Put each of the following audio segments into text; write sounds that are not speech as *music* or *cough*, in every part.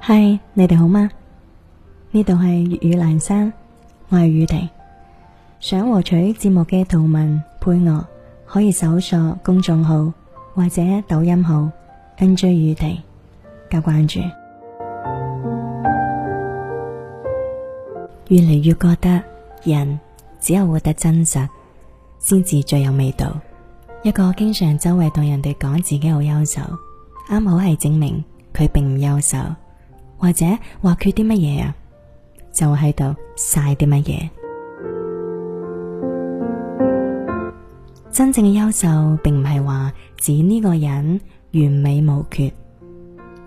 嗨，Hi，你哋好嗎？呢度係粵語闌山，我係雨婷。想獲取節目嘅圖文配樂，可以搜索公眾號或者抖音號 NJ 雨婷，加關注。越嚟越覺得人只有活得真實，先至最有味道。一個經常周圍同人哋講自己好優秀。啱好係證明佢並唔優秀，或者話缺啲乜嘢啊，就喺度晒啲乜嘢。真正嘅優秀並唔係話指呢個人完美無缺、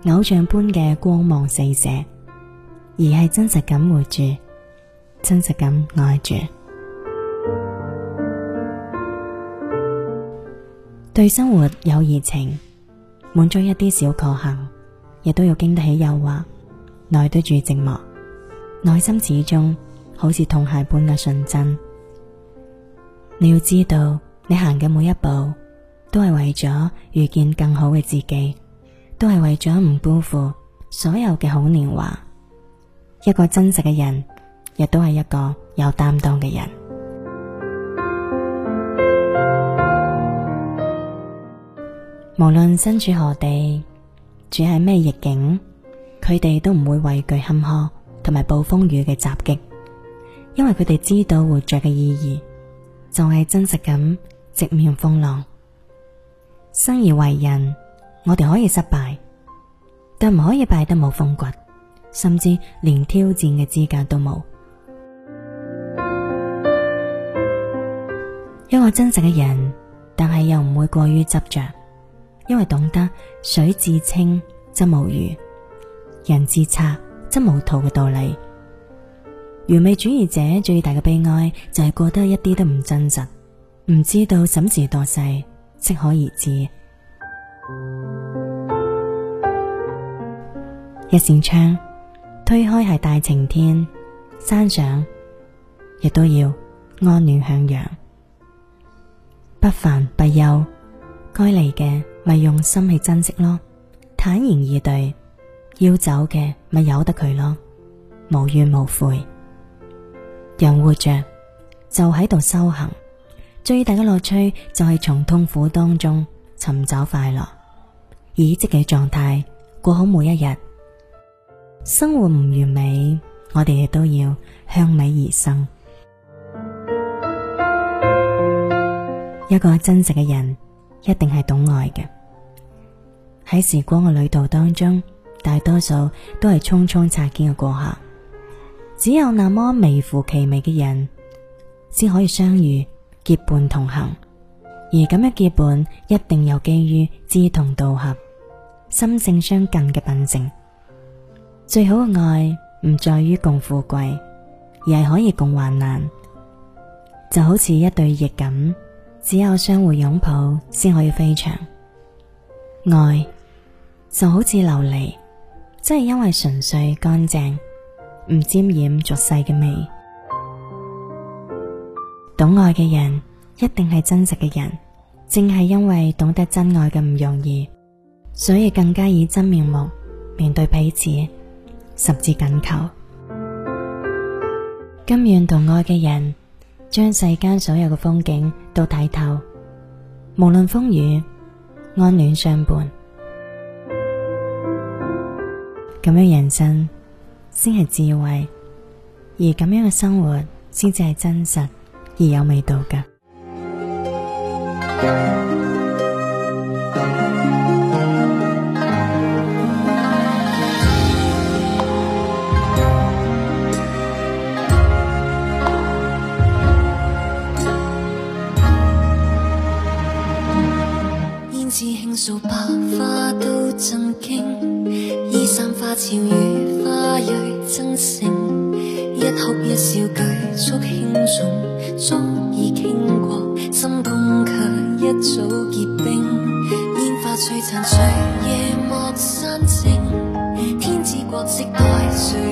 偶像般嘅光芒四射，而係真實咁活住，真實咁愛住， *music* 對生活有熱情。滿足一啲小確幸，亦都要經得起誘惑，耐得住寂寞，內心始終好似童鞋般嘅純真。你要知道，你行嘅每一步都係為咗遇見更好嘅自己，都係為咗唔辜負所有嘅好年華。一個真實嘅人，亦都係一個有擔當嘅人。無論身處何地，住喺咩逆境，佢哋都唔會畏懼坎坷同埋暴風雨嘅襲擊，因為佢哋知道活着嘅意義就係真實咁直面風浪。生而為人，我哋可以失敗，但唔可以敗得冇風骨，甚至連挑戰嘅資格都冇。一個真實嘅人，但係又唔會過於執着。因為懂得水至清則無魚、人至察則無徒嘅道理。完美主義者最大嘅悲哀就係、是、過得一啲都唔真實，唔知道審時度勢、適可而止。一扇窗推開係大晴天，關上亦都要安暖向陽，不煩不憂，該嚟嘅。咪用心去珍惜咯，坦然以對，要走嘅咪由得佢咯，無怨無悔。人活着就喺度修行，最大嘅樂趣就係從痛苦當中尋找快樂，以積極狀態過好每一日。生活唔完美，我哋亦都要向美而生。 *music* 一個真實嘅人。一定係懂愛嘅。喺時光嘅旅途當中，大多數都係匆匆擦肩嘅過客。只有那麼微乎其微嘅人，先可以相遇，結伴同行。而咁樣結伴，一定有基於志同道合、心性相近嘅品性。最好嘅愛唔在於共富貴，而係可以共患難，就好似一對翼咁。只有相互擁抱先可以飛翔，愛就好似琉璃，真係因為純粹乾淨，唔沾染俗世嘅味。懂愛嘅人一定係真實嘅人，正係因為懂得真愛嘅唔容易，所以更加以真面目面對彼此，十指緊扣。甘願同愛嘅人。將世間所有嘅風景都睇透，無論風雨，安暖相伴。咁樣人生先係智慧，而咁樣嘅生活先至係真實而有味道㗎。朝與花蕊爭勝，一哭一笑舉足輕重，足以傾國，心宮卻一早結冰。煙花璀璨，隨夜幕散盡，天姿國色待誰？